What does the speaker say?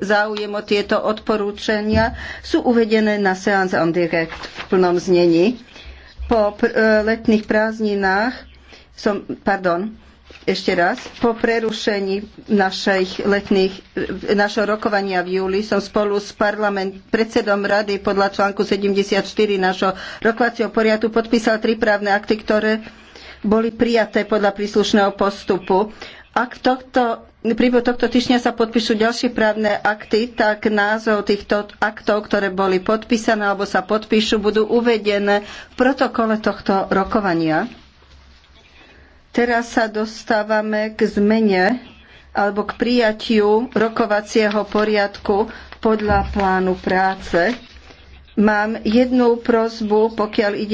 záujem o tieto odporúčania, sú uvedené na Seance on Direct v plnom znení. Po pr- e, letných prázdninách som, pardon, ešte raz, po prerušení našich letných, e, našho rokovania v júli som spolu s parlament, predsedom rady podľa článku 74 našho rokovacieho poriadu podpísal tri právne akty, ktoré boli prijaté podľa príslušného postupu. Ak tohto, tohto týždňa sa podpíšu ďalšie právne akty, tak názov týchto aktov, ktoré boli podpísané alebo sa podpíšu, budú uvedené v protokole tohto rokovania. Teraz sa dostávame k zmene alebo k prijatiu rokovacieho poriadku podľa plánu práce. Mám jednu prozbu, pokiaľ ide